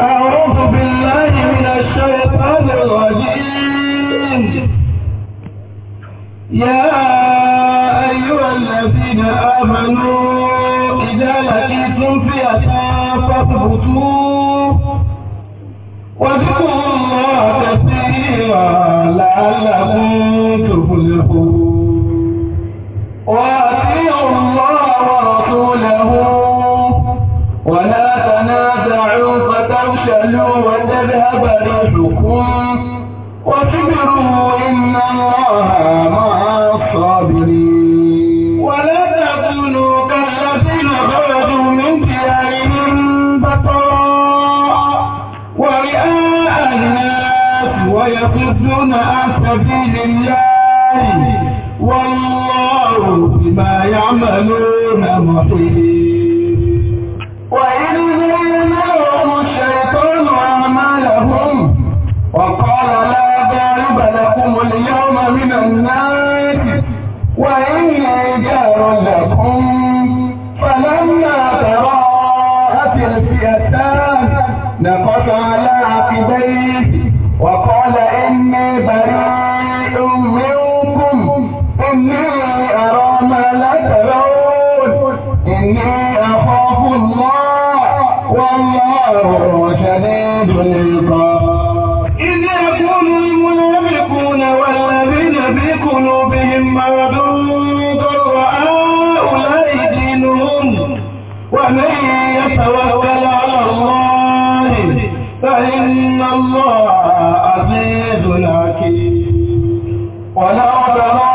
أعوذ بالله من الشيطان الرجيم يا أيها الذين آمنوا إذا لقيتم فئة فاثبتوا واذكروا يصدون عن سبيل الله والله بما يعملون محيط والله شديد المنافقون والذين في قلوبهم مرض ضراء أولئك ومن يتوكل على الله فإن الله عزيز حكيم ولا ترى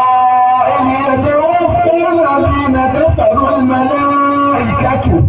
يتوفى الذين كفروا الملائكة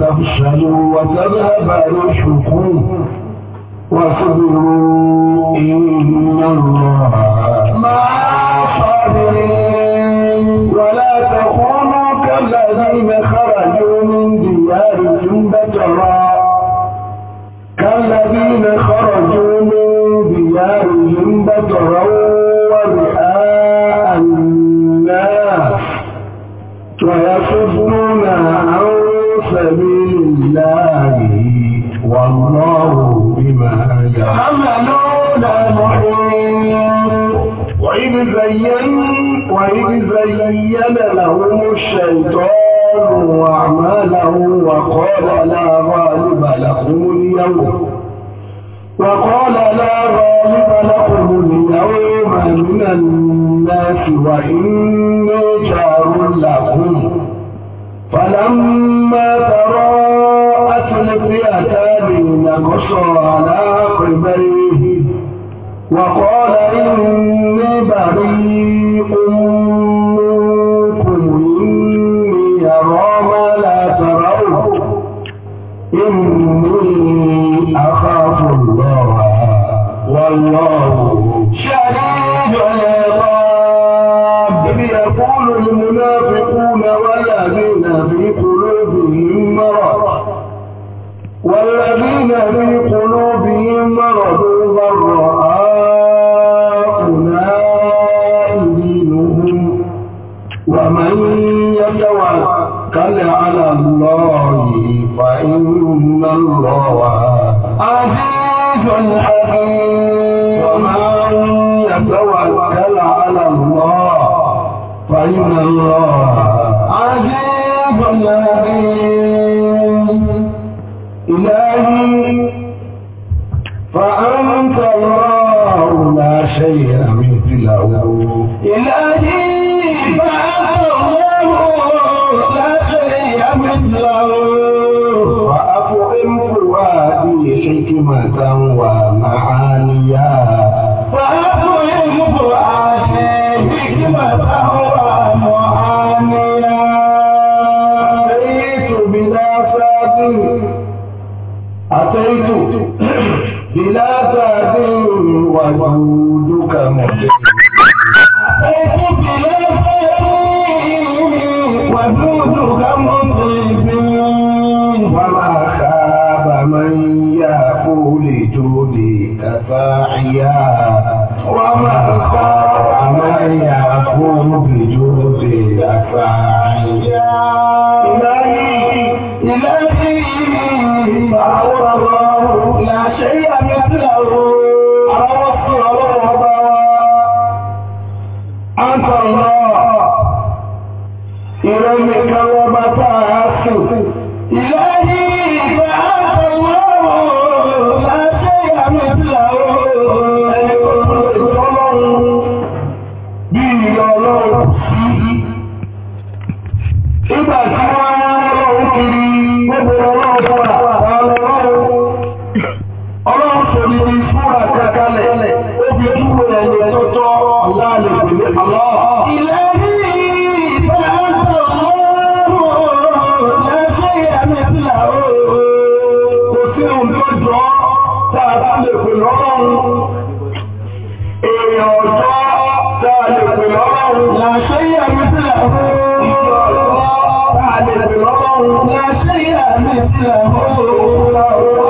تفشلوا وتذهب ريحكم وصبروا إن الله مع الصابرين ولا تكونوا كالذين خرجوا من ديارهم بترا كالذين خرجوا من ديارهم بترا زين وإذ زين لهم الشيطان وأعماله وقال لا غالب لكم اليوم وقال لا غالب لكم اليوم من الناس وإني جار لكم فلما تراءت الفئتان نقص على قبيه وقال إني بريء منكم إني أرى ما لا ترون إني أخاف الله والله الحكيم يتوكل على الله فإن الله عزيز فأنت الله لا شيء مثله إلهي lè pè lọ́rùn èèyàn ọ̀tọ́ tá a lè pè lọ́rùn làṣẹ́ yà mí sílẹ̀ fún ìjọ ọ̀tọ́ tá a lè pè lọ́rùn làṣẹ́ yà mí sílẹ̀ fún òun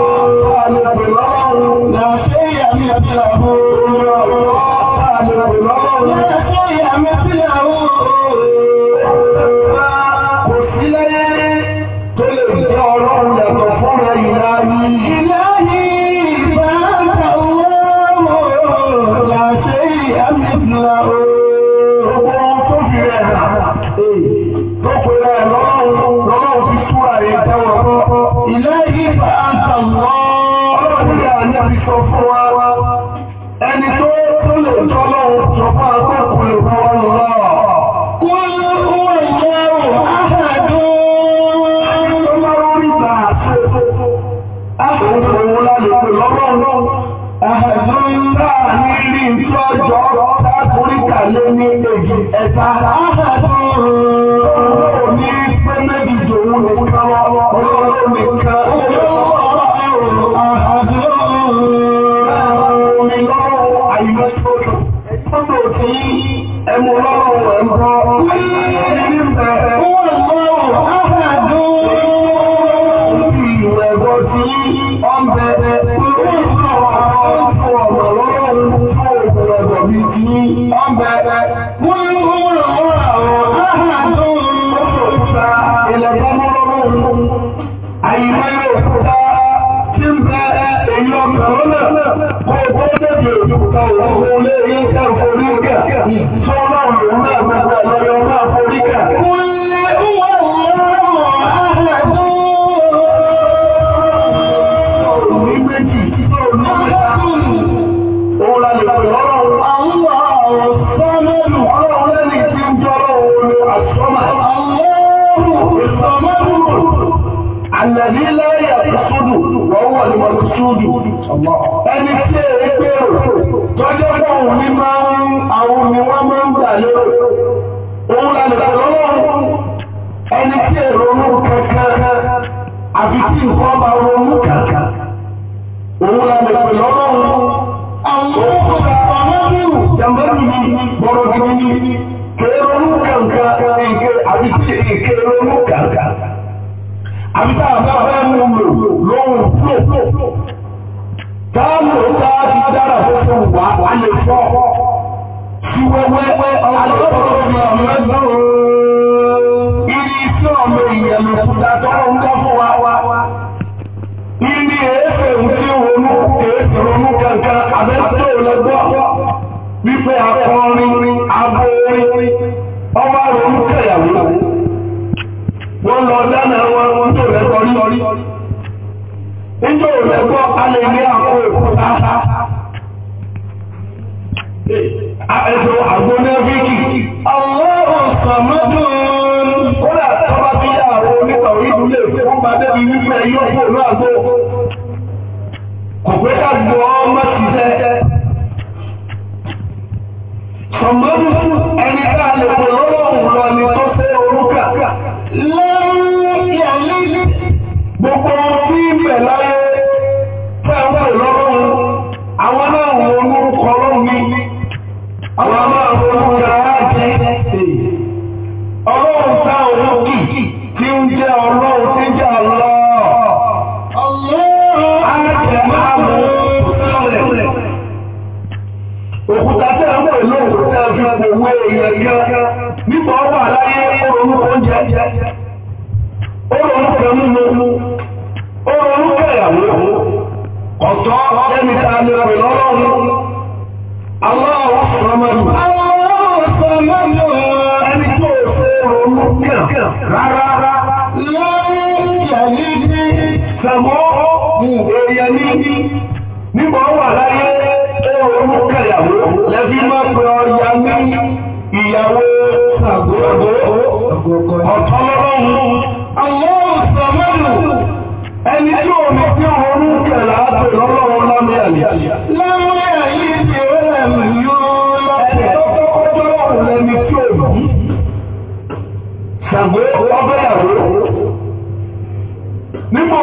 èèyàn kan nípa ọwọ́ àláyé oòrùn oúnjẹ oòrùn kan nínú oòrùn kẹyàwó ọ̀tọ́ ẹni tá a lè rìn lọ́rọ́rùn aláwọ̀ sọmọlù ẹni tó oòrùn kàn rárá lọ́rùn ìyàlí ní sàmọ́ èèyàn ní nípa ọwọ́ àláyé oòrùn kẹyàwó lẹ́bí máa pẹ́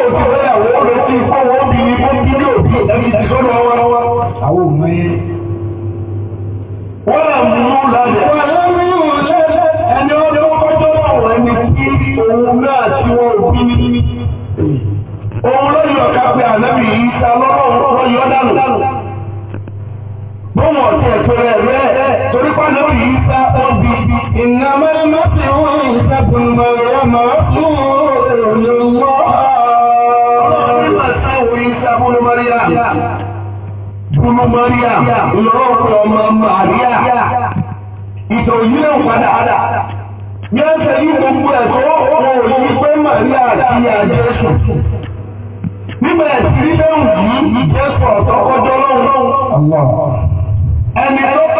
òsì lọ́yà wọ́n lọ sí ikú wọn bí i fún bí ní òsì ìdájí sọ́nà wọn. àwọn òun ẹ wọ́n là ń mú lálẹ́. ẹni ọdún kọjọ́ àwọn ẹni tí òun náà tí wọ́n bí ní. òun lọ́yọ̀ ká pé ànábì yìí ta lọ́rọ̀ ọ̀rọ̀ yọ dànù. bọ́mọ̀ ọ̀sẹ̀ tó rẹ̀ rẹ̀ torí pàdé yìí ta ọ̀bì. ìnàmọ́ ẹ̀mọ́sẹ̀ wọn ìṣàkùnmọ̀ ẹ̀rọ màá fún òun lọ́wọ́. kúlú Maria lọ́ọ̀pọ̀ ọmọ Maria ìtò yìí ń padà bí ó ṣe yí gbogbo ẹ̀kọ́ wọn ò yí pé Maria àti àjẹsù nígbà ẹ̀sìn lẹ́hùn yìí jẹ́sù ọ̀tọ́kọ́jọ́ lọ́wọ́ ẹni tó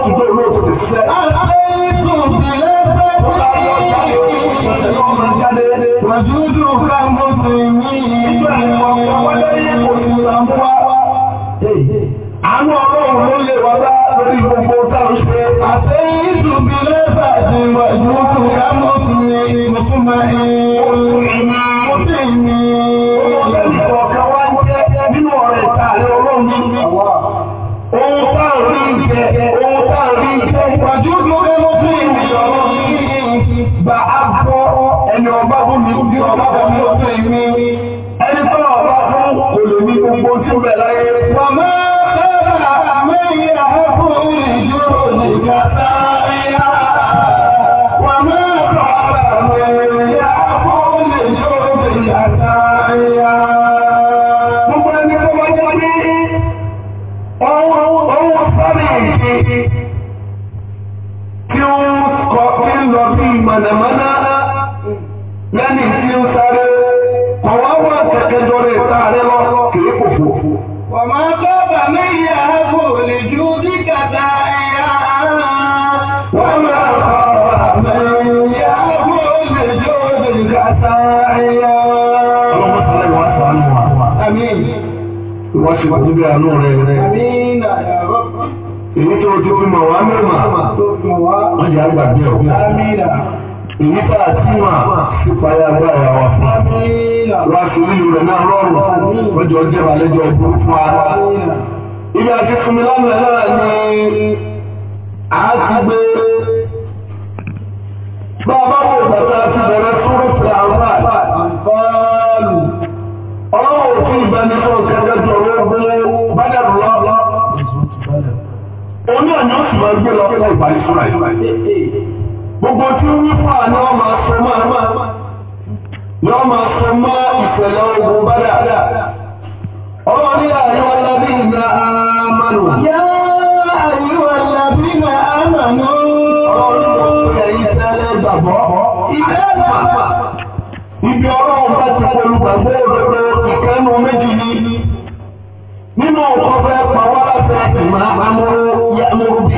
Àwọn ọlọ́run ló lè wà bá lórí gbogbo táwọn ṣe. Àtẹ́yìn ìṣùgbìn lẹ́bàá ti wà ní oṣù Rámọ́sùn ní Mùsùlùmí. àánú rẹ̀ èyí tó ti fi mọ̀ wá mẹ́mà wọ́n jẹ́ àgbàgbé ọ̀gbìn èyí tá a ti mà sí payá agbára wa fún wa fi lílo rẹ̀ náà rọrùn lọ́jọ́ jẹ́ àlejò ọdún fún ara ibi àti fúnmi lánàá náà ni a ti gbé bá a bá wò bàtà ti bẹ̀rẹ̀ fúrúfú àwọn àlùfáàlù ọlọ́wọ́ fún ìbánisọ̀rọ̀ gbé lọ fún ìbá ìṣúra yìí. Gbogbo tí ó wí fún àná máa sọ máa máa lọ máa sọ mọ́ ìṣẹ̀lẹ̀ ogun bádà. Ọlọ́run ní àárín wọn lábí ìgbà àmàlù. Yá àárín wọn lábí ìgbà àmàlù. Ọlọ́run ló ń pè yí gbàgbọ́. Ibi ọlọ́run bá ti pẹ̀lú gbàgbọ́ òdodo ìkẹ́nu méjì ni. Nínú ọkọ̀ fẹ́ pàwọ́ láti àtìmọ́ àmọ́ yá mọ́ bí.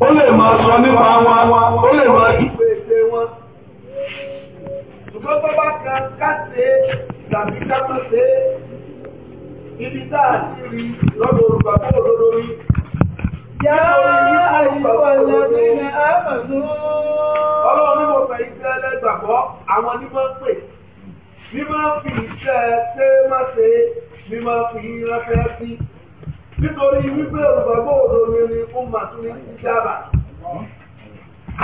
ó lè máa sọ nípa wọn ó lè máa dúpẹ́ ẹgbẹ́ wọn. ṣùgbọ́n tó bá kan káṣe tàbí kápẹ́sẹ̀ ibi tá a ti rí lọ́dọ̀ olùgbà tó lọ́dọ̀ rí. Yá àyíwá lẹ́bí ni a mọ̀ ní. Ọlọ́run ní mo fẹ̀yìn tẹ́ lẹ́gbàgbọ́, àwọn ní máa ń fi iṣẹ́ ṣé má ṣe, ní fi yín sí. Nítorí wípé olùgbàgbọ́ mà tún ní dábà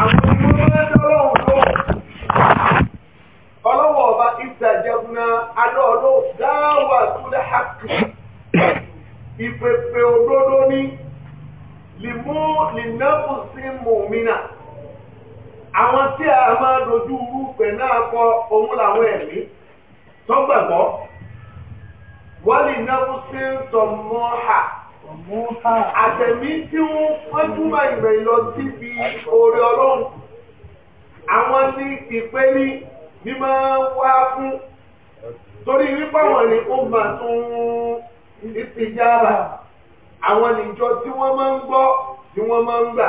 àwọn ìgbóhùn ọlọ́wọ́ ọlọ́wọ́ ọba ìtàjẹ́gúná alọ́ọ̀lọ́ dáwà túlẹ̀ hàkì ìpèpè òdodo ní lìmú lìnàbùsí mòmínà àwọn tí a máa dojú rúpẹ̀ náà kọ òun làwọn ẹ̀mí tó gbàgbọ́ wọ́n lìnàbùsí tọ̀mọ́ha àtẹ̀mí tí wọ́n túmọ̀ ìmọ̀ lọ síbi oore ọlọ́run àwọn ní ìpele bí máa wá fún torí wípé àwọn ni ó máa tún ìtìjára àwọn níjọ tí wọ́n máa ń gbọ́ tí wọ́n máa ń gbà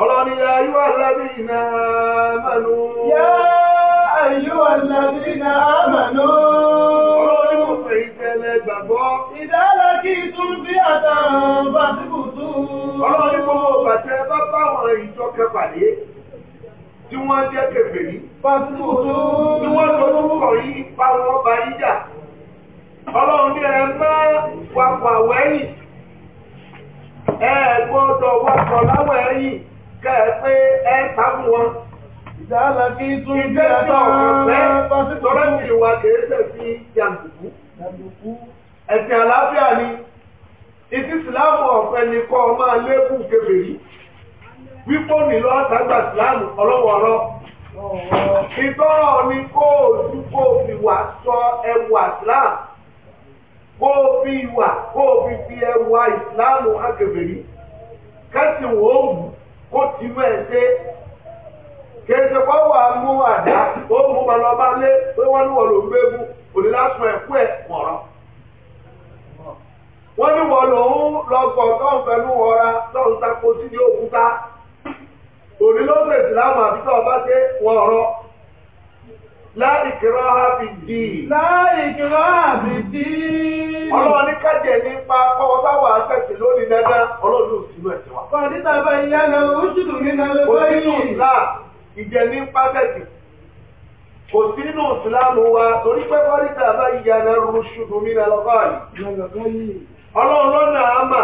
ọlọ́ni ayú alábí iná mẹ́nu. yá ayú alábí iná mẹ́nu. ọlọ́ni mo fẹ́ ìtẹ̀lẹ̀ gbàgbọ́. ìdálẹ́ lákìtún bí àtàràn bá síbùtú. ọlọ́run ní gbogbo bàtẹ́ bá báwọn ìjọ kẹfàdé tí wọ́n jẹ́ kèfèrí. bá síbùtú. tí wọ́n dojú kọ̀ yí bá wọn bá yí jà. ọlọ́run ní ẹ má wàpà wẹ́yìn. ẹ gbọ́dọ̀ kí tún bí àtàràn bá síbùtú. tọ́lá ìwà kèé sí jàǹdùkú. Eti àlàáfíà ni ìsí ìsìláàmù ọ̀fẹ́ ni kọ́ ọ máa lébù kébèrè wípò nílò àtàgbà ìsìláàmù ọlọ́wọ́ọ́rọ́ ìtọ́rọ̀ ni kó o tú kó o fi wà sọ ẹwà ìsìláàmù kó o fi ìwà kó o fi fi ẹwà ìsìláàmù akébèrè kẹ́sìn wò kó ṣe kọ́ wà mú ọkọ̀ tọ́hún pẹ̀lú ọ̀ra tọ́hún tako sí ní òkúta òní ló ń rèsì láàmú àbíkọ́ ọba ṣe wọ́n rọ. láìkìrọ́ àbí dì í. láìkìrọ́ àbí dì í. ọlọ́wọ́ ní kájẹ̀ nípa kọ́wọ́ táwọn akẹ́sì lónìí nẹ́dá ọlọ́dún òsínú ẹ̀sìn wa. kọ̀dítà bá ìyá lọ oṣù tó ní nálẹ́ báyìí. òsínú ìlà ìjẹ ní pásẹ̀tì kò sí nínú ìsìlámù wa torí pé kọ́dítà bá ìyá oṣù tó ní nálẹ́ báyìí ọlọ́run lọ́nà àmà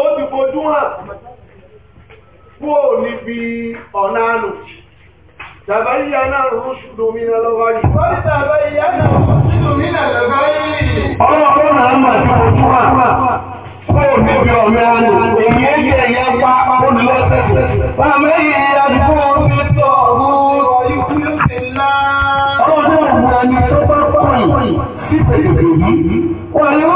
ó ti fojú hàn kú ò níbi ọ̀nà ànù tàbáyíyá náà rúṣùdù mí náà lọ́wọ́ yìí wọ́n ní tàbáyíyá náà rúṣùdù mí náà lọ́wọ́ yìí ọlọ́run lọ́nà àmà ti fojú hàn kú ò níbi ọ̀nà ànù èyí èyí ẹ̀yà pa olùlọ́sẹ̀ bàmí ìyá àdúgbò orí tó ọ̀rún ọ̀yí kúlù sí ńlá ọlọ́run lọ́nà àmì tó bá pọ̀ yìí sí pẹ̀lú èyí wọ́n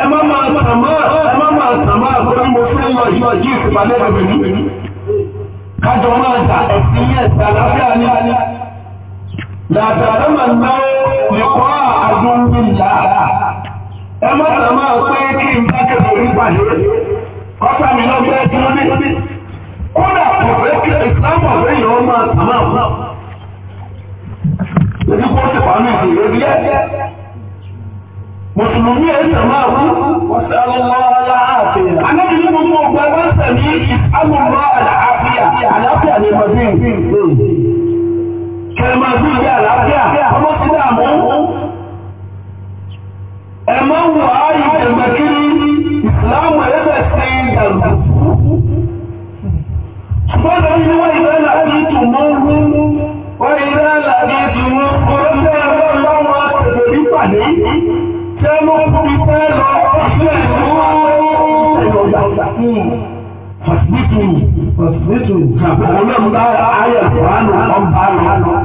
ẹ má máa tàmá ẹ má máa tàmá àgbọ́n mo fẹ́ lọ yọ yí ìsìnbalẹ̀ rẹ̀ kájọ máa dà ẹ̀sìn yẹn sàlàfíà ní alẹ́ làtàrà máa ná ẹ̀kọ́ àdúgbò nílá ẹ má tàmá pé kí n bá kẹfẹ́ rí pàdé mùsùlùmí ẹ̀rí ọmọ àwọn ọ̀sẹ̀lọ́wọ́ aláàfíà. Anábì ní gbogbo ọgbà wọ́n sẹ̀mí àmúgbọ́ àlàáfíà, àlàáfíà ní ọdún ìgbè. Kẹ̀mọ̀ sí ilé àlàáfíà, ọmọ sí dàmú. Ẹ̀mọ́ wọ ààyè ìjẹ̀mẹ̀ kiri ìsìláàmù ẹ̀rẹ́bẹ̀ sí ìdàmú. Ṣùgbọ́n lórí ni wọ́n ìrẹ́ làbí ìtùmọ̀ ọ̀hún, wọ́n ìrẹ́ làbí ìtùmọ̀ ọ̀hún, yẹkùn fàṣítù fàṣítù ọlọ́mbà ayẹ̀kùránù ọba lọ.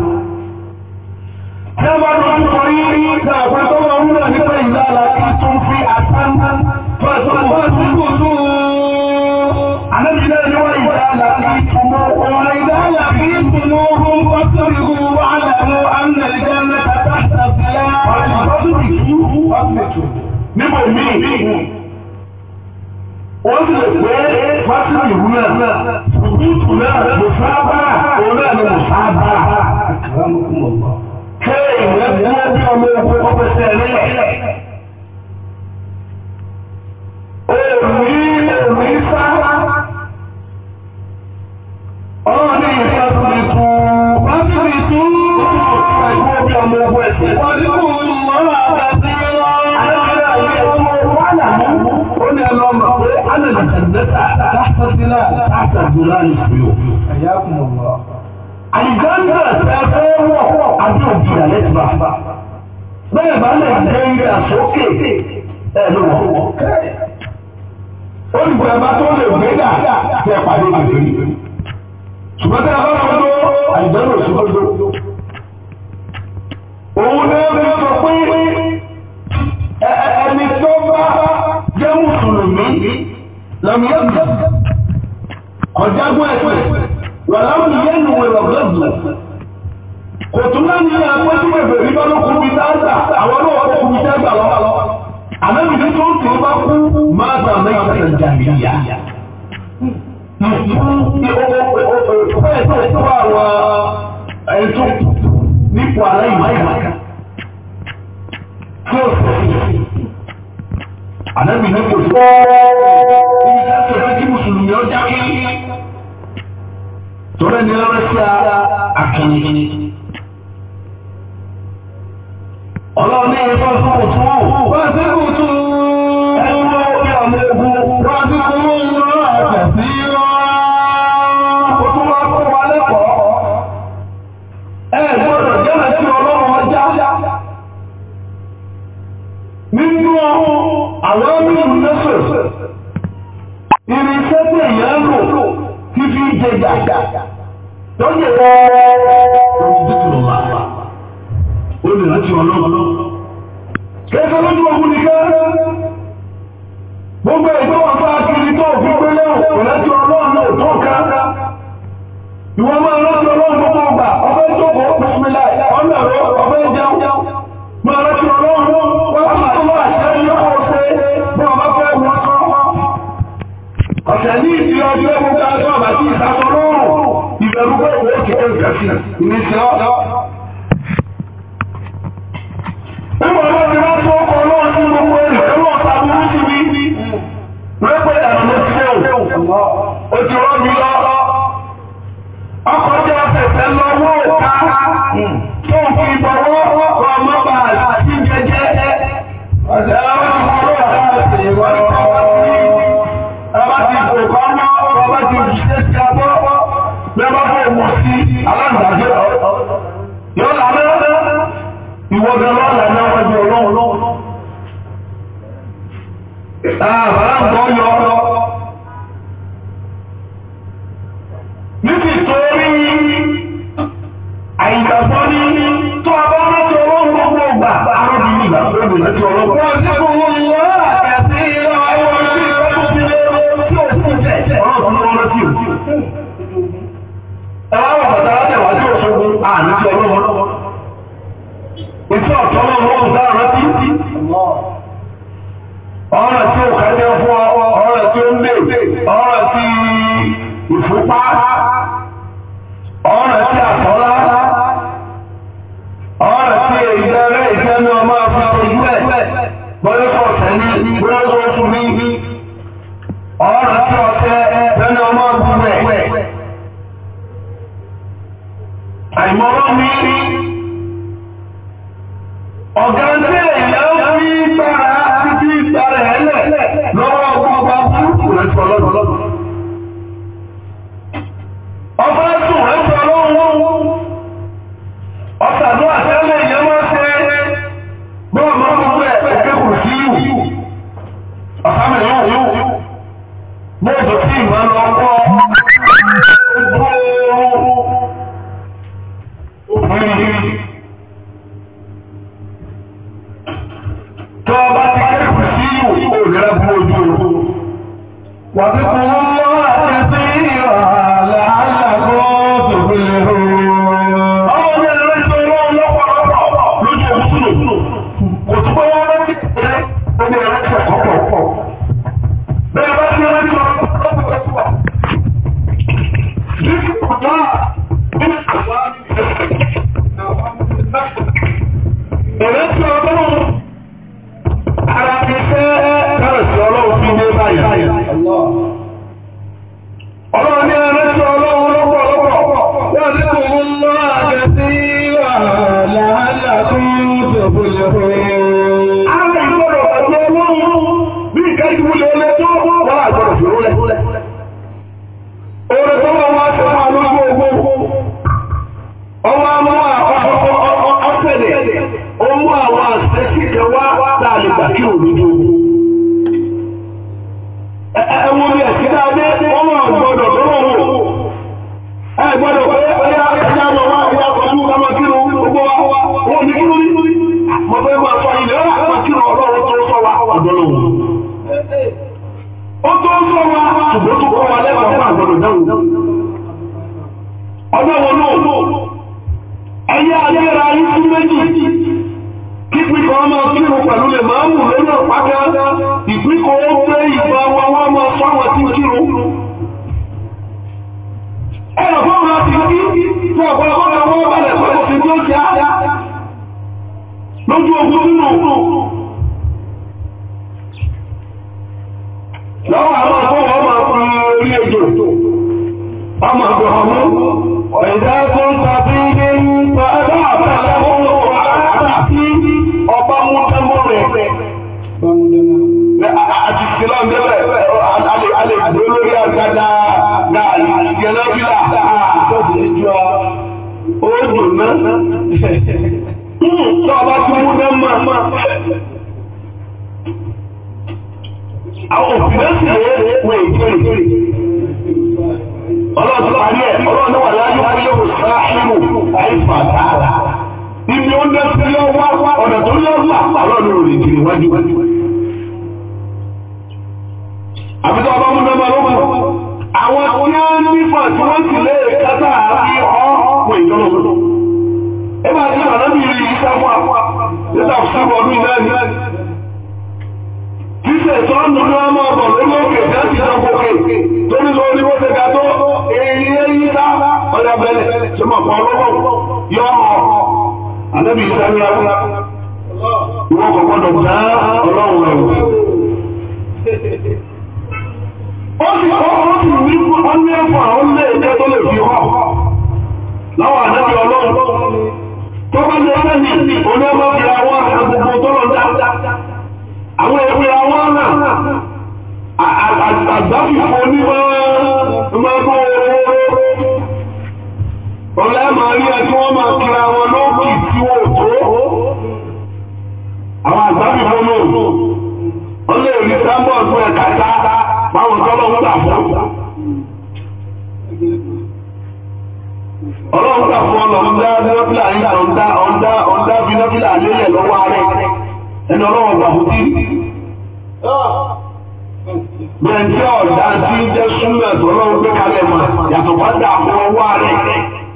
Tẹ́wọ́n ló ń sọ yí rí ìgbà àpapọ̀ wọn wúlò nípa ìlànà tuntun fi àtàndá fọ́sọ̀ fọ́sọ̀ tuntun. Àlejò ni wọ́n ìlànà tuntun wọn ìlànà tuntun wọn fọ́sọ̀ ìlú wàhálà mú àmàlẹ́jẹ́ mẹ́ta tàbí ẹ̀. Fọ́sọ̀ tuntun níbo mí wọ́n sì lè pé mátìrì ìwú náà ìtù náà mùsáàbára òun wọ́n bí ọmọ ogun ọgbẹ́ ìfẹ́ ọmọ ogun ẹ̀sìn. wọ́n ní kò تدخلون الجنة تحت الظلال تحت الظلال السيوف حياكم الله الجنة تتوى أبيو بلا لتبع بلا بلا الجنة سوكي ألوه olùkọ́ ẹ̀bá tó lè gbé dà tẹ́ pàdé àjòyí ṣùgbọ́n tẹ́ ẹ̀bá lọ́wọ́ àìjọ́rò ṣùgbọ́n wàlámùyẹ́bù ọ̀jágún ẹ̀kọ́ wàlámùyẹ́nu wẹ̀lọ̀gọ́dù kò tún náà ní ẹgbẹ́ tí wọ́n bẹ̀rẹ̀ bá ló kúrú dáadáa àwọn náà wọ́n kúrú dáadáa lọ́wọ́ àmẹ́bìnrin tó ń tó bá kú máa gbà mẹ́rin jàmìyà fẹ́ẹ̀ tó wà wà ẹ̀tọ́ nípò aláìmáìmáìká tí ó sọ sí àmẹ́bìnrin kò tó ènìyàn dákẹ́ tọ́lá ní ọ̀rẹ́ sí àkànnì. ọlọ́run ní ẹ̀fọ́ fún òtún wọn. wọ́n ti kú tún ẹ̀fọ́ kí ọmọ ogun wọ́n ti kú lọ́wọ́ ẹ̀fẹ̀ sí wọn. ó tún wá kó wa lẹ́kọ̀ọ́. ẹ gbọ́dọ̀ jẹ́ ẹ̀sìn ọlọ́run ọjà. nínú àwọn ọmọ ìlú náà. tí í ṣe gàgà lọ́jọ́ rẹ̀ olùdókòwò máa wà olùrántí ọlọ́ọ̀lọ́. kẹsàn-án lójú ogun nìkan gbogbo ẹ̀gbọ́n wọn bá kiri tó òfin gbélé olùrántí ọlọ́ọ̀lọ́ tó ká ìwọ máa rántí ọlọ́ọ̀lọ́ gbogbo ọgbà ọbẹ̀ jókòó bísímìlá ọ̀nà rẹ̀ ọbẹ̀ jẹun máa rántí ọlọ́ọ̀lọ́ wọ́n máa tó wà ti ọdún ẹgbùn ká tó àbá sí ìsàtọ̀ lọ́rùn ìbẹ̀rù pé òun ó ti kẹ́ ìgbàsí ní sí ọ́dọ́. Nígbà náà ti bá tó ọkọ̀ náà ní gbogbo èrè ẹ̀rọ ọ̀tá burú sí bí wípé ẹ̀rọ ló ti léwu. Ó ti rọ́ mi lọ. Ọkọ̀ jẹ́ ọ̀sẹ̀ tẹ́lọ́wọ́ ká tó ń fi bọ̀wọ́ ọmọ bàálì. ìwọ́gbẹ̀rọ ojú ogun wà bí kò ń lọ́wọ́ àti sí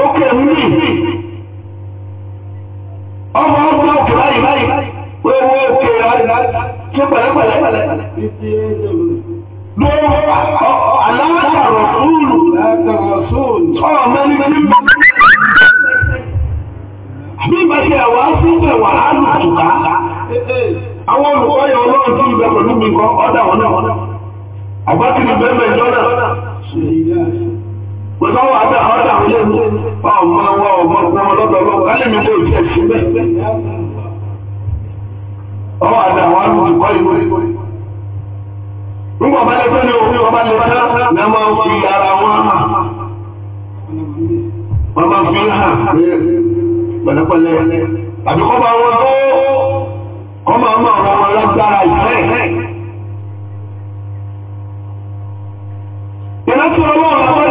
tó kẹ̀ ń bì. ọmọ ọgbọ́n òkè báyìí báyìí wéwé òkè ṣe pẹ̀lẹ́pẹ̀lẹ́. ló aláǹkà rọ̀súùlù ọmọ ẹni tí ń bá nígbà tí ẹ̀wà síbẹ̀ wà á lù tùkà àwọn olùkọ́ yẹn ọlọ́run tí ibẹ̀ pẹ̀lú mi kọ́ ọ́dà wọn náà àgbátìrì bẹ́ẹ̀ mẹ́jọ náà Gbọ́dọ̀ wà bẹ́ẹ̀ àwọn ọ̀dà àwọn ọmọ wa ọmọ wa ọmọ ọmọ ọlọ́dọ̀ ọlọ́wọ́ ká lè mi kó ìjẹ́ sí bẹ́ẹ̀. Ọwọ́ àdá àwọn olùkọ́ ìwé. Nígbà bá lè fẹ́ ni òun yóò bá lè fẹ́ ní a máa ń fi ara wọn hàn. Wọ́n máa fi hàn pẹ̀lẹ́pẹ̀lẹ́. Àbíkọ́ bá wọn tó kọ́ máa máa wọn wọn lágbára ìfẹ́. Ìrántí ọlọ́run àwọn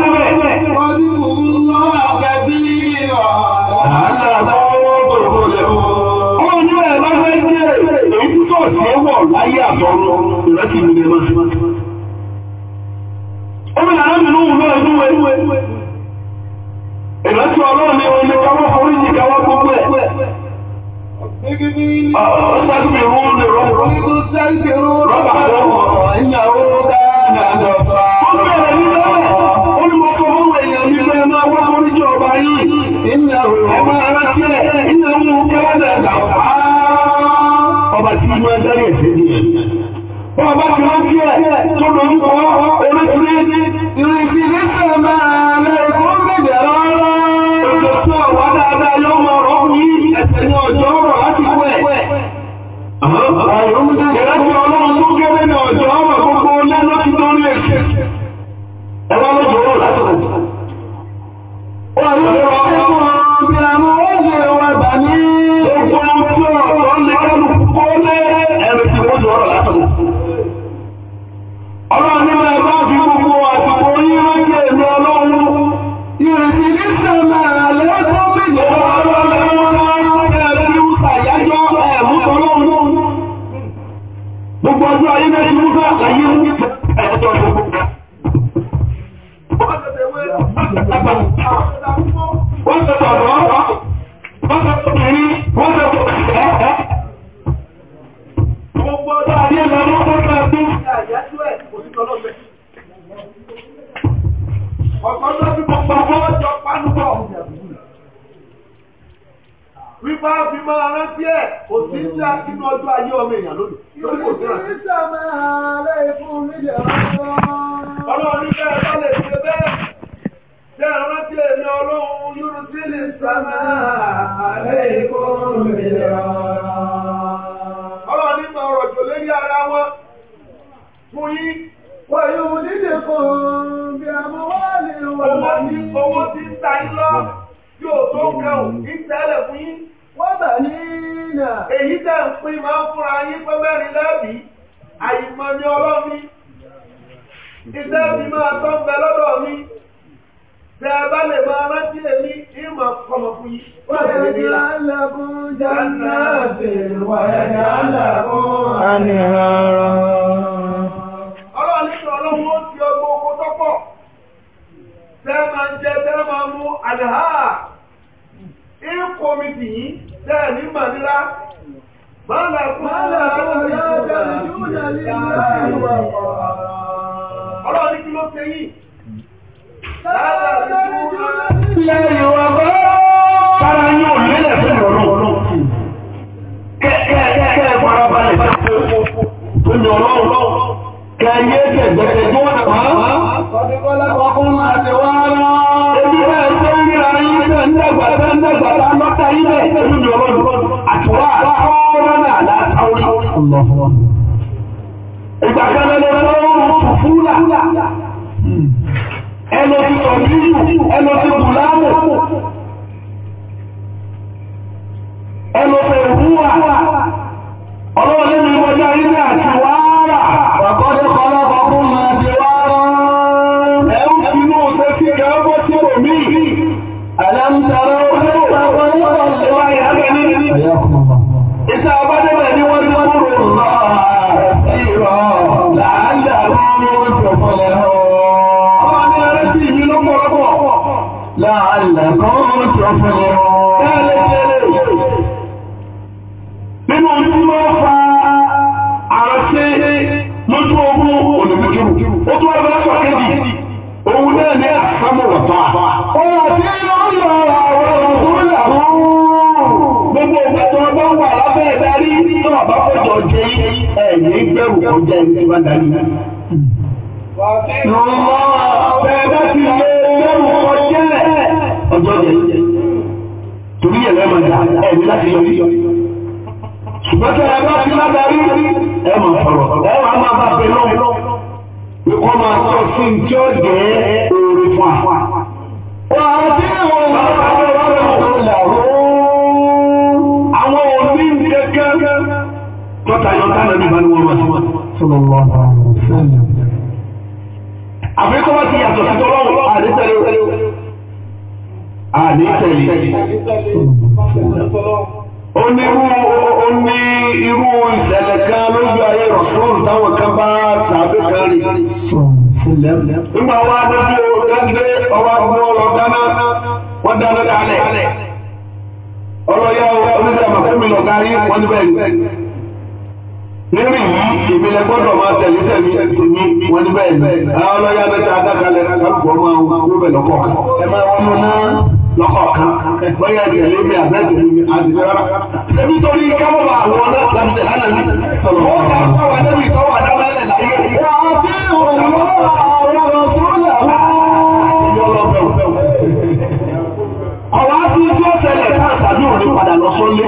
àtọ́wọ̀ láyé àtọ́rọ̀ ìrẹ́sì ìrìnlẹ̀ máa. Omi làrá mi Ọ̀sán ti rú ní ká Bàbá ti wá sí ẹ̀ tó lórí kọ́ orí ilé ìrìnlẹ́sẹ̀ máa àyìnmọ́ ni ọlọ́mi iṣẹ́ mi máa tọ́ ń bẹ lọ́dọ̀ mi tẹ ẹ bá lè máa rántí èmi ní ìmọ̀ ọmọ fún yìí. Wàjẹ́ alákún jáná sí wàjẹ́ alákún àníhàrá. Ọlọ́run ní sọ ọlọ́run ó ti ọgbọ oko tọ́pọ̀. Tẹ́ máa ń jẹ tẹ́ máa mú àdáhà. Ìkọ̀ mi tẹ́ ní màdíra. Màlàkún jáná sí wàjẹ́ alákún ọlọ́run kí ló ṣe yìí. lẹ́yìn wa bọ́. sára yóò lélẹ̀ fún ìrọ̀lọ́ kẹ́kẹ́kẹ́ farabalẹ̀ tó ní ọlọ́run kẹ́yẹ kẹ̀gbẹ́kẹ́ tó wà wá. ọ̀dẹ́kọ́lá ọkùnrin àti wàhálà. ebi bẹ́ẹ̀ tó ń rí ayé tẹ̀ ń dàgbà tẹ̀ ń dàgbà tá a lọ́ta yín bẹ́ẹ̀ tó ní ọlọ́run àti wàhálà ọ̀rọ̀ náà látàwọn ìgbà kan lẹ́nu lọ́rùn fúlà ẹnu ti tọ̀bíyù ẹnu ti bùlámù ẹnu ti ilé àti wa Nínú ní ló fa àrẹ́sí lójú ogun olùmúkìrù, ó tún wọ́n bẹ̀rẹ̀ sọ̀kẹ́dì, òun náà ní àsámọ̀wọ̀tá. Ọ̀rọ̀ tí ó ń lọ àwọn ọ̀rọ̀ Gbogbo ọgbẹ́ tó ọgbọ́ wà lábẹ́ ìdarí tó àbá fọ́jọ jẹ́ ẹ̀yìn gbẹ̀rù kọjá ẹni wá darí. Lọ́wọ́ ọ̀bẹ̀ bá ti lé gbẹ̀rù kọjá ọjọ́ jẹ́ torí ẹ̀rọ ẹ̀mọ̀ ìjà ẹ̀mí láti yọrí. ṣùgbọ́n tí ẹ̀rọ ti lágbàrí ẹ̀ máa sọ̀rọ̀ ẹ̀ wà máa bá bẹ lọ́wọ́. wọ́n máa sọ sí ní tí ó jẹ́ oore fún wa. wà á dé àwọn ọmọ àwọn òní kẹ́kẹ́ tọ́ta yọ tánà ní ìbániwọ̀n wọn sí wọn. àfikún wọn ti yàtọ̀ sí tọ́lọ́wọ́ àní tẹ̀lé. ó ní irú ìṣẹ̀lẹ̀ kan lójú ayé rọ̀sùn táwọn kan bá tàbí kan rí. nígbà wá dájú dáńdé ọwọ́ agbọ́n lọ dáná wọ́n dáná dálẹ̀. ọlọ́yà oníṣẹ́ àmàkùnmí lọ́gá yí wọ́n níbẹ̀ ní. nínú yìí ìpínlẹ̀ gbọ́dọ̀ máa tẹ̀lé tẹ̀lé ní wọ́n níbẹ̀ ní. àwọn ọlọ́yà mẹ́ta adákalẹ̀ kálukú ọmọ àwọn ọmọ bẹ̀ lọ́kọ̀ọ̀kan. ẹ máa wọ́n mú náà lọ́kọ̀ọ̀kan bóyá ìdílé lórí àbẹ́jọ́ lórí àdìrẹ́ rárá. Ebi káwọn bá àwọn ọlọ́pàá ń tẹ̀lé àná ní. Ó bá sọ̀rọ̀ lórí ìtọ́wọ̀ àdámẹ́lẹ̀ láyé. Wà á fi ìrànlọ́wọ́ àwọn ọ̀sọ́lẹ̀ wá. Àwọn àti tí ó tẹ̀lẹ̀ náà òní padà lọ sọ́lé.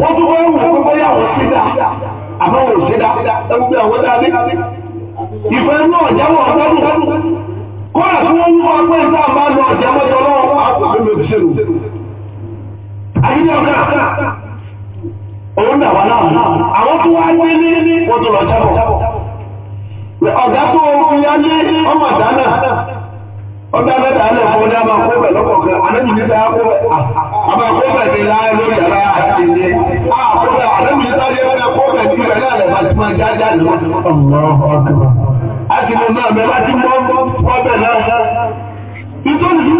Wọ́n tún wọ́n wù pé bóyá àwọn ṣẹ́dá. Kọ́lá tí wọ́n mú ọgbẹ́ ìta àbá lọ ọ̀jẹ̀mọ́jọ́ lọ́wọ́ olùsèrò àyíyọ̀ká òun dà wà náà àwọn tó wá ní ní wọ́n tó lọ jábọ̀ ọ̀gá tó ogun yá ní ọmọ dáná ọ̀gá mẹ́ta náà fún ní a máa kó bẹ̀ lọ́kọ̀ọ̀kan àlejò níta kó bẹ̀ a máa kó bẹ̀ ní láyé lórí ẹ̀rọ àti ilé àkóbẹ̀ àlejò níta ní ẹ̀rọ kó bẹ̀ ní ìrẹ̀lẹ̀ àlẹ́ àti máa jájá lọ́wọ́. àti mo náà mẹ́ bá ti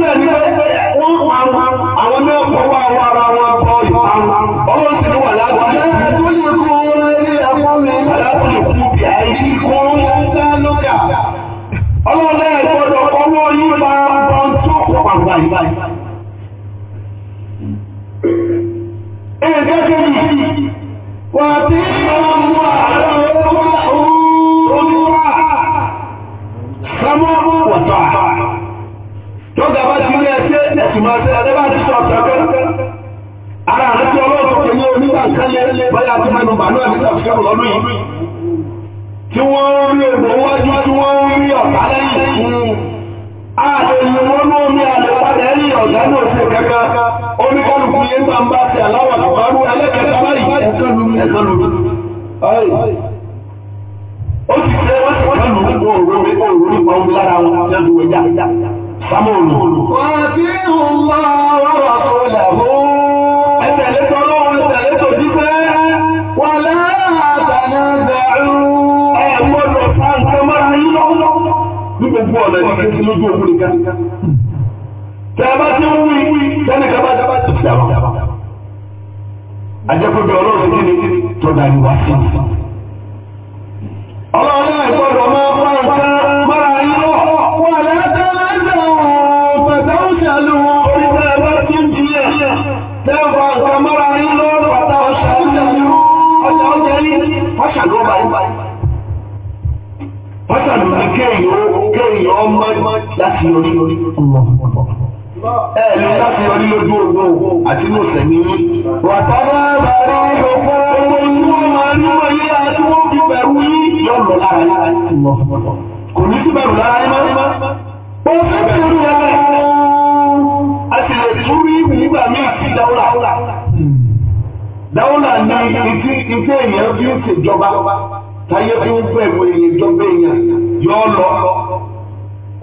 náà ní àwọn náà fọwọ́ àwọn ara wọn bọ ìparun ọwọ́ sí wà lágbàá tó lè kó lórí àpọ́lẹ̀ aláwọ̀ kú bí àìsí kó lọ́gá lọ́gá ọlọ́lẹ́ ẹ̀gbọ́dọ̀ ọwọ́ yìí máa bọ́ tó pọ̀ pàgbà ìbáyìí Èdè kejì, wà tí ẹ̀dẹ́bà ti sọ ọ̀tọ̀kẹ́ ara àti ọlọ́run tó ní onígbà kẹ́lẹ́ bọ́yá tó mẹ́nu bà náà nígbà fẹ́ lọ́dún yìí tí wọ́n rí ògbò wájú tí wọ́n rí ọ̀tá lẹ́yìn ààrẹ ìwọ́n ní omi àlẹ́pàdé ẹ̀rí ọ̀gá ní òṣè kẹ́kẹ́ oníkọlùkù yé ń bá ń bá ti àláwọ̀ àkọ́rú ẹlẹ́kẹ̀ẹ́ta báyìí ẹ̀kọ́lù ẹ̀kọ́lù ó ti fẹ́ wọ́n ti wọ́n ti lù sámúlò. Wà á ti ń lọ wàrà tó làwọ́. Ẹsẹ̀ létò lọ́wọ́ ẹsẹ̀ létò jíṣẹ́. Wà láàtàná bẹ̀rù. Ẹ gbọ́dọ̀ fa nǹkan mọ́ra yín lọ́wọ́. Bí gbogbo ọ̀nà ìṣẹ́ ti lójú òkú nìkan. Tẹ̀ bá ọlọ́run kí ni máa ń fara láti orí orí ẹ̀lú láti orí lójú ní wàtàbá bẹ̀rù yí lọ́lọ́ lára lára kò ní bẹ̀rù lára máa ó fẹ́ ti lè dúró ìwé nígbà míì sí dáúlà. dáúlà ní ìtí ìtí èèyàn bí ó ti jọba táyé bí ó fẹ́ ìwé èèyàn jọba èèyàn yọ lọ.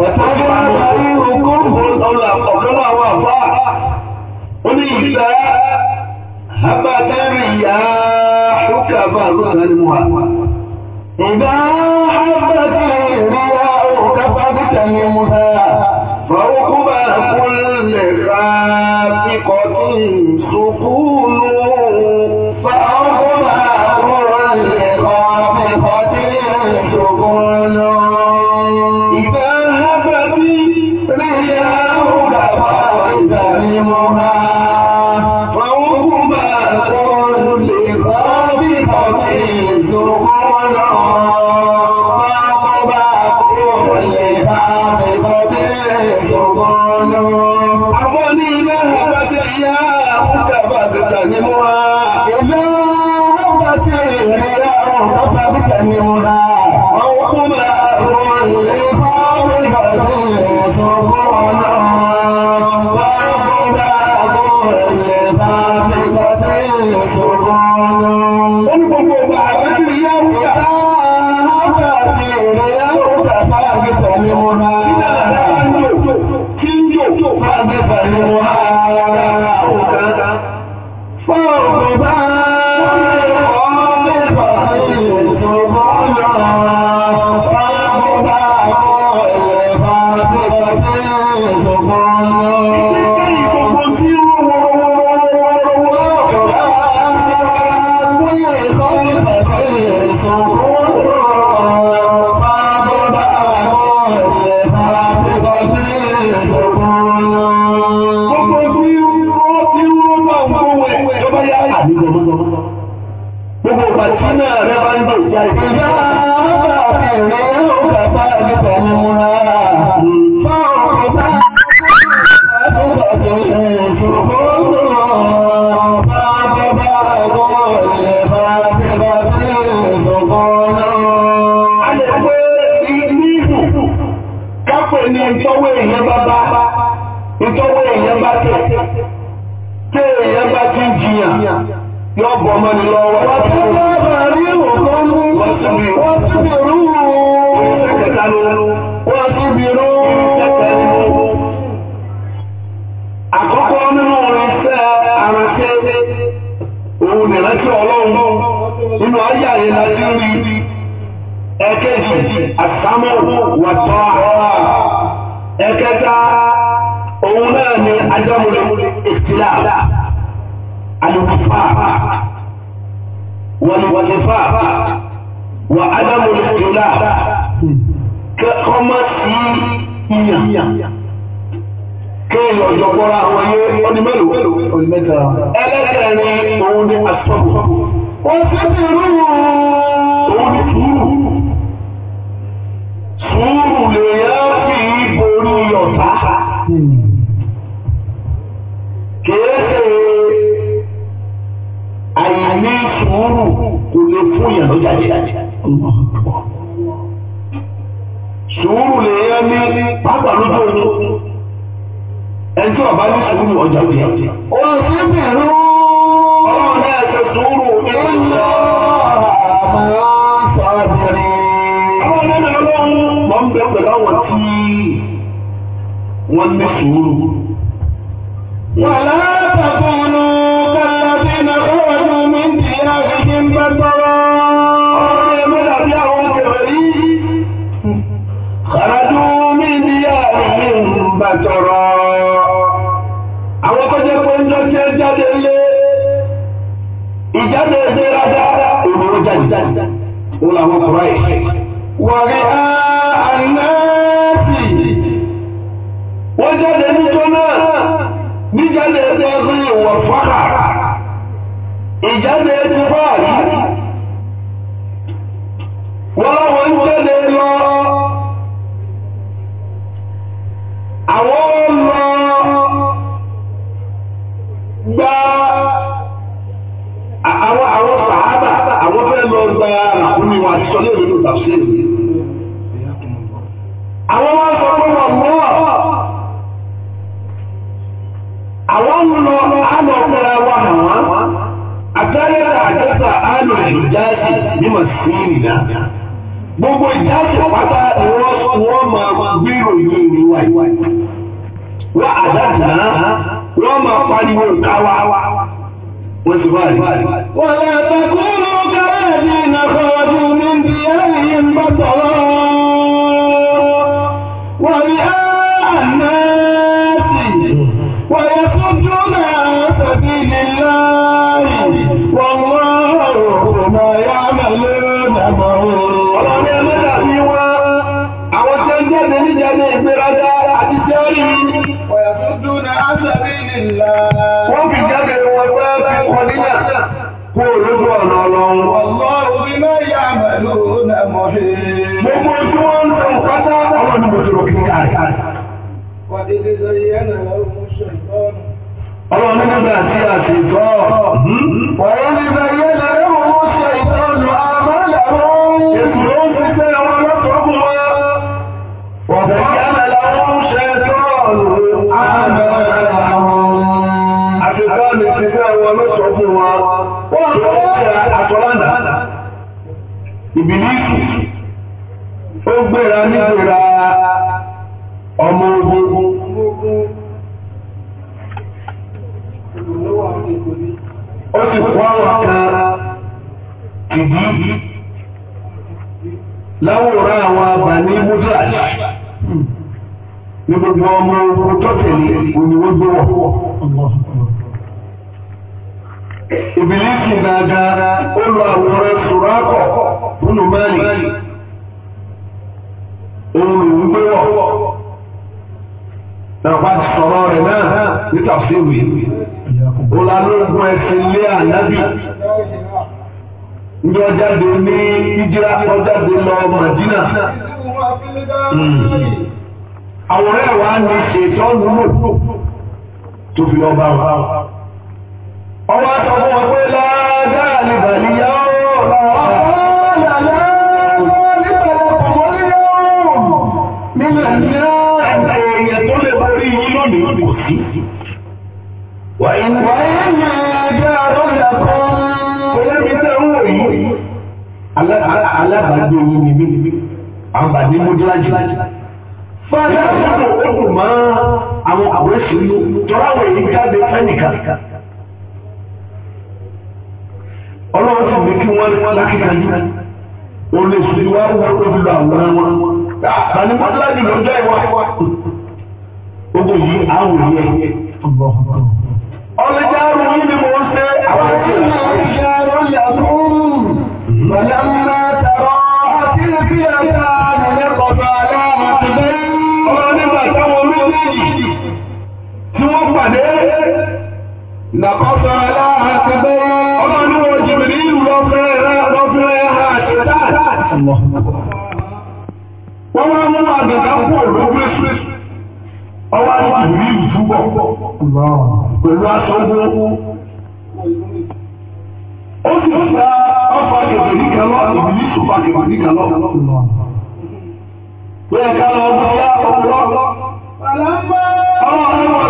ọ̀tá tó wá láyé ogún ọ̀la ọ̀gọ́lá àwọn àbá ó ní ìgbà abájáde ìyá àṣùkà bá àlùkà ni mo wà. ìgbà àbájáde ìyá òkà bá àlùkà ni mo wà. sùúrù kò lè fún yàn lọ́jà jáde. sùúrù lè yẹ ní pápá lójú ojú ẹjọ́ ọba ní sùúrù ọjà òjì. òṣèlú bẹ̀rù. ọ̀rọ̀ náà ṣe sùúrù ìlú. wọ́n ní sùúrù. wàhálà. òun làwọn kọ̀ọ̀rọ̀ yìí. wọ̀rẹ́ àìnáàtì wọ́n jáde níjọ́ náà níjáde ẹgbẹ́ ẹgbẹ́ ìwọ̀ fọ́nà ìjáde ẹgbẹ́ báyìí. àná wọ́n máa pariwo káwa wọ́n ti wá rí. wọ́n lọ bá kó Ọlọ́run ní mọ́bẹ̀ àti àti ìtọ́. Ọ̀rọ̀ ní bẹ̀rẹ̀ lẹ́rẹ̀ mọ́ sí ìtọ́nù àmọ́lẹ̀rún. Ètù ló ń fi pé ọmọ lọ́tọ́kùn wá. Ọ̀bẹ̀ yára lọ́rún ṣe tọ́ọ̀lù àmọ́lẹ̀rún. Àti tọ́ọ̀lù àwọn ọmọ ogun tó tẹ̀lé òyìnbó gbé wọ̀. ìbílíkì dáadáa ó lọ àwòrán sùrákọ̀ nínú mẹ́rin òun lòún gbé wọ̀. Nàbà sọ̀rọ̀ rẹ̀ náà níta sí ìwé. Olálógún ẹsẹ̀ ilé ànábì. Ní ọjáde ní ọjáde àwọn ọ̀rẹ́ wa ní ṣètọ́ lúlò tó fi lọ bá wọn ọwọ́ àtọ́fún wọn pé láàdáà ní bàlíyà Wàyí ni ẹjẹ́ àrọ́lẹ̀ kan, kò lẹ́bí tẹ́ ń wò yìí, alábàájú yìí ni mí, àbàdé mú dílájú lájú. Fọ́nà àwọn òkú máa àwọn àwọn ẹ̀sìn ló tọ́láwọ̀ èyí jáde ẹnìkan. Ọlọ́run sì ní kí wọ́n wọ́n lákìkanjú. O lè sùn wá wọ́n tó fi lọ àwọn wọn. Àbáni wọ́n láti lọ́jọ́ ìwà. Ogo yìí àwọn yẹ. Ọlọ́jà àrùn yìí ni mo ń ṣe àwọn àti ìṣẹ́ ìṣẹ́ ìṣẹ́ ìṣẹ́ pàdé ìlàkọ́sọ̀ aláàkẹ́bẹ́ ọlọ́niwọ̀ jìbìrì ìlú lọ́fẹ́rẹ́ àṣẹ́tà wọ́n wá mú àgbẹ̀ká pọ̀ lọ́gbẹ́sẹ̀ ọwá jìbìrì ìlú túbọ̀ pẹ̀lú aṣọ́gbọ́ ó sì gba ọkọ̀ jìbìrì kẹlọ́ ìbìlì sùpà jìbìrì kẹlọ́ Wọ́n yẹ ká lọ bọ́ ọlọ́ọ̀lọ́. Ọlọ́ọ̀lọ́.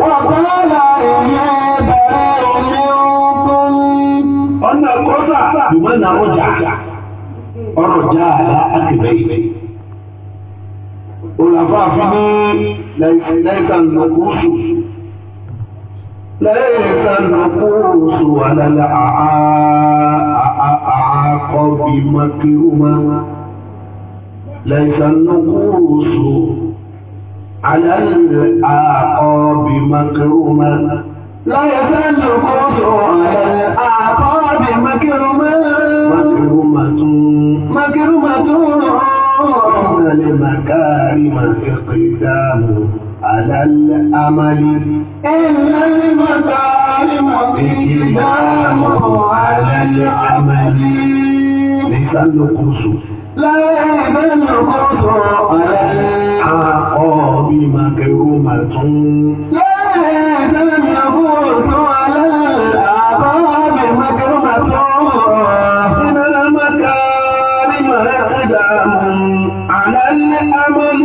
بمعنى رجع الرجاء لا أكبي والعفاف ليس النقوص ليس النقوص ولا الأعاق بمكرمة ليس النقوص على الأعقاب مكروما لا يزال القدر على الأعقاب مكروما مكرومة مكرومة لمكارم اقدام على الأمل إن المكارم اقدام على الأمل لسان القصر لا يزال القصر على الأمل فيما غير ملعون لا تنهبوه على الأعظام مكرمة من المكارم يقدام على الأمل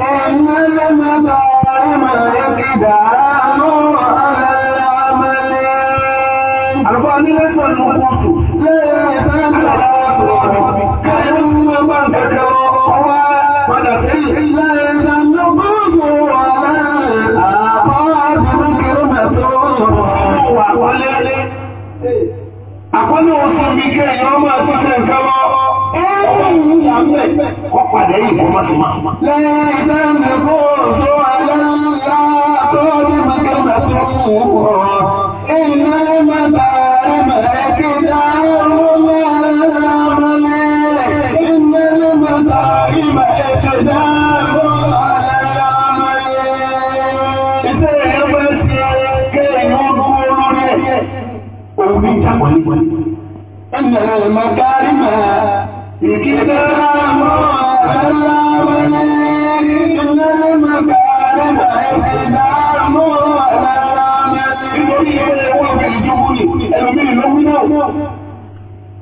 أن المكارم يقدام على الأمل أربعين لكم لا تنهبوه wọ́n ní oṣù gígé ẹ̀yọ́ máa ti tẹ̀ sọ́mọ́ ọ̀rọ̀ ìlú àmì kọ́ padà yìí kọ́ máa ti máa. lẹ́yìn ìdáhùn kó tó aláǹlá tó ní màkàtà tó المكارم الكرام والله ولكن المكارم الكرام والله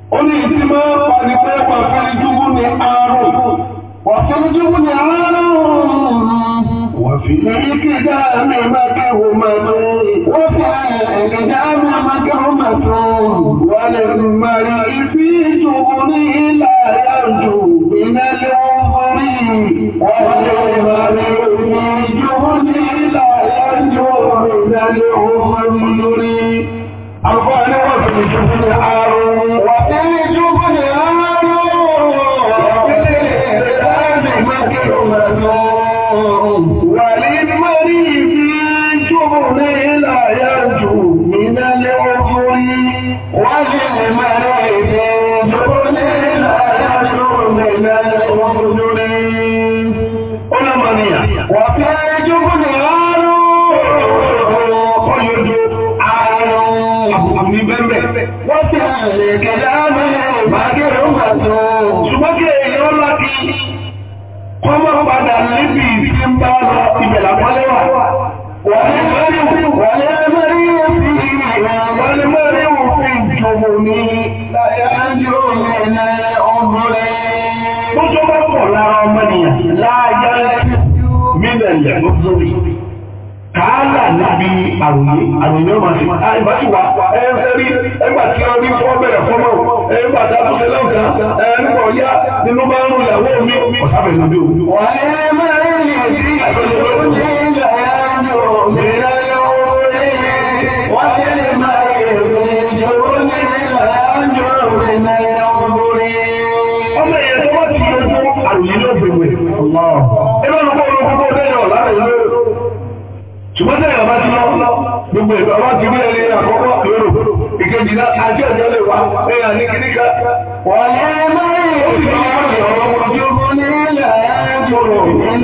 Orí ìdí máa ń pàdé pé pàfẹ́rí júgbú ni àárùn. Pàfẹ́rí júgbú ni àárùn. Wàfí Wọ́n fi ẹgbẹ́ dáa ní ọmọ ẹgbẹ́ ọmọ ẹgbẹ́. Wọ́n lè rí máa rí Hallelujah. ọmọnìyàn láàyá mílẹ̀lẹ̀ lórí kààlà níbi àròyé àròyé ọmọ sí àìbáṣìwà ẹ̀ẹ́sẹ́rí ẹgbà tí ó rí fọ́ bẹ̀rẹ̀ fọ́mọ̀ ẹgbà tí a tún ṣe lọ́ta ẹ̀ẹ́nùpọ̀ yá nínú bá ń rú ìyàwó mi ọ̀sábẹ̀ lóde òun. wọ́n ẹ máa ń rìn sí ìṣòro ṣùgbọ́n tẹ̀yà bá ti lọ gbogbo ìgbà bá ti rí ẹni àkọ́kọ́ èrò ìkejì náà ajé ọjọ́ lè wá ẹ̀yà ní kíníkà. wọ́n yá lórí ìfọwọ́sọ̀rọ̀ ojú ogun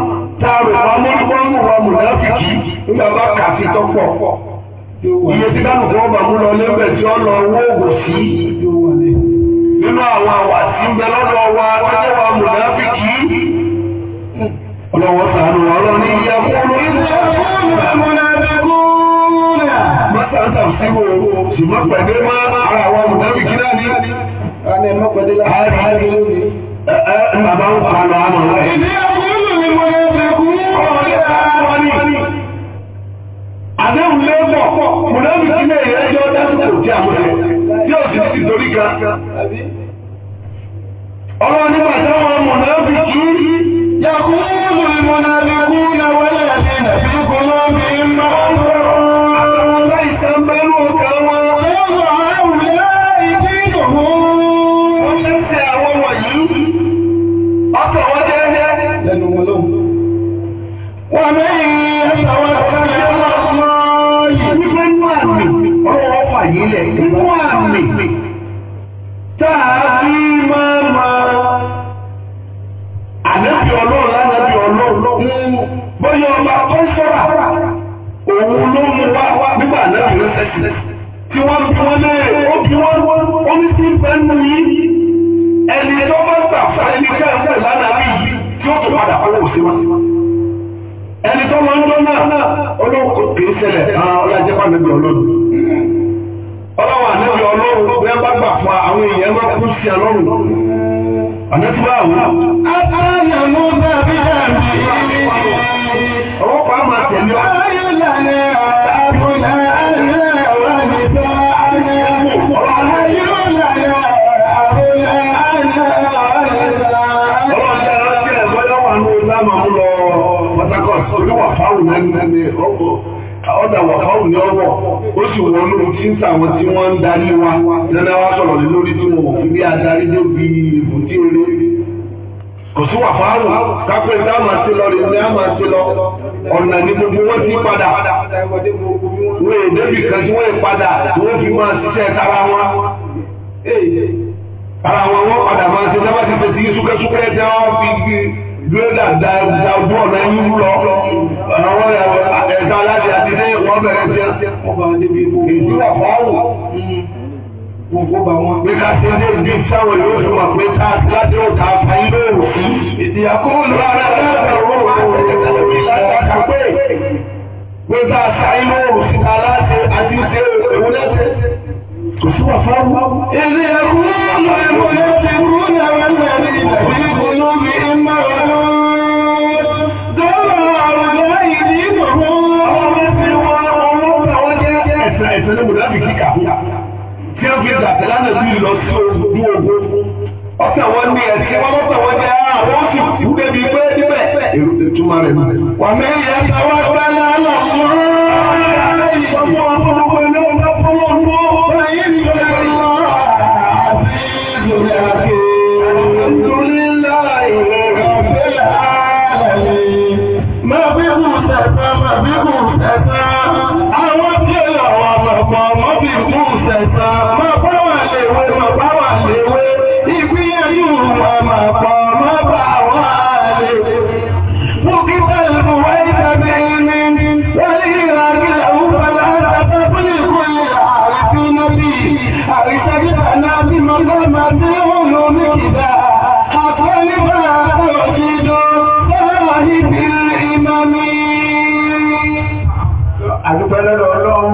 tá a bá kà sí tọ́pọ̀ iye tí kánù kan bá mú lọ lébẹ̀ tí ó lọ owó ògùn sí nínú àwọn àwàtí ń bẹ lọ́dọ̀ wa lọ́jọ́ wa mùnàfíkì ọlọ́wọ́ sànù ọlọ́ni iye kúrú mọ́tàntà síwò ṣùgbọ́n pẹ̀lú máa ara àwọn mùnàfíkì náà ní àárín àárín lónìí bàbá ń pa lọ àmọ̀ rẹ̀ àdéhùn lẹ́wọ̀ mùnàbí sí ilé ìrẹ́jọ́ lásìkò tí a mọ̀ ẹ́ tí ó sì ti dorí ga. ọlọ́run nígbà táwọn mùnàbí kí yà kú ẹni tó máa ń lọ náà olóòkò kìí ṣẹlẹ̀ ọlájẹ́pá ah, níbi ọlọ́run ọlọ́wọ́ ànábì ọlọ́run bẹ́ẹ̀ bá gbà fún àwọn èèyàn máa kú sí ọlọ́run ànábì báwo. àtàlẹ́ ló dàbí àmì nìkan kò ọ̀dà ní ọwọ́ ó sì wọ́n lóhun tí ń tí wọ́n ń darí wa nana sọ̀rọ̀ lé lórí tí wọn fi bí adarí débi ìbùdí eré kò sí kápẹ́ máa ṣe lọ rèé ni a máa ṣe lọ ọ̀nà ní gbogbo wọn ti padà è débi kan tí wọ́n wọ́n fi máa ṣiṣẹ́ tara wọn ara wọn padà máa ṣe ti súkẹ́súkẹ́ tí wọ́n fi gbé àwọn ẹ̀ta aláṣẹ àti ilé wọ́n bẹ̀rẹ̀ sí ọba níbi èyí àpáwò Nígbà tí ilé ìdí sáwọn yóò fi wà pé tá láti ó ta apá ilé òwò. Ìdíyàkúrò ara láti ọwọ́ àwọn ẹ̀kẹ́lẹ́mí láti àkàpé. a ta ilé òwò bí ìdàgbẹ́ lánàá bí lọ sí ogun ogun ọ̀sẹ̀ wọn ní ẹ̀sìn wọn mọ́tò wọn ní àwọn òsì kú débi pé níbẹ̀ èrò ìtumọ̀ rẹ̀ wà mẹ́rin ẹ̀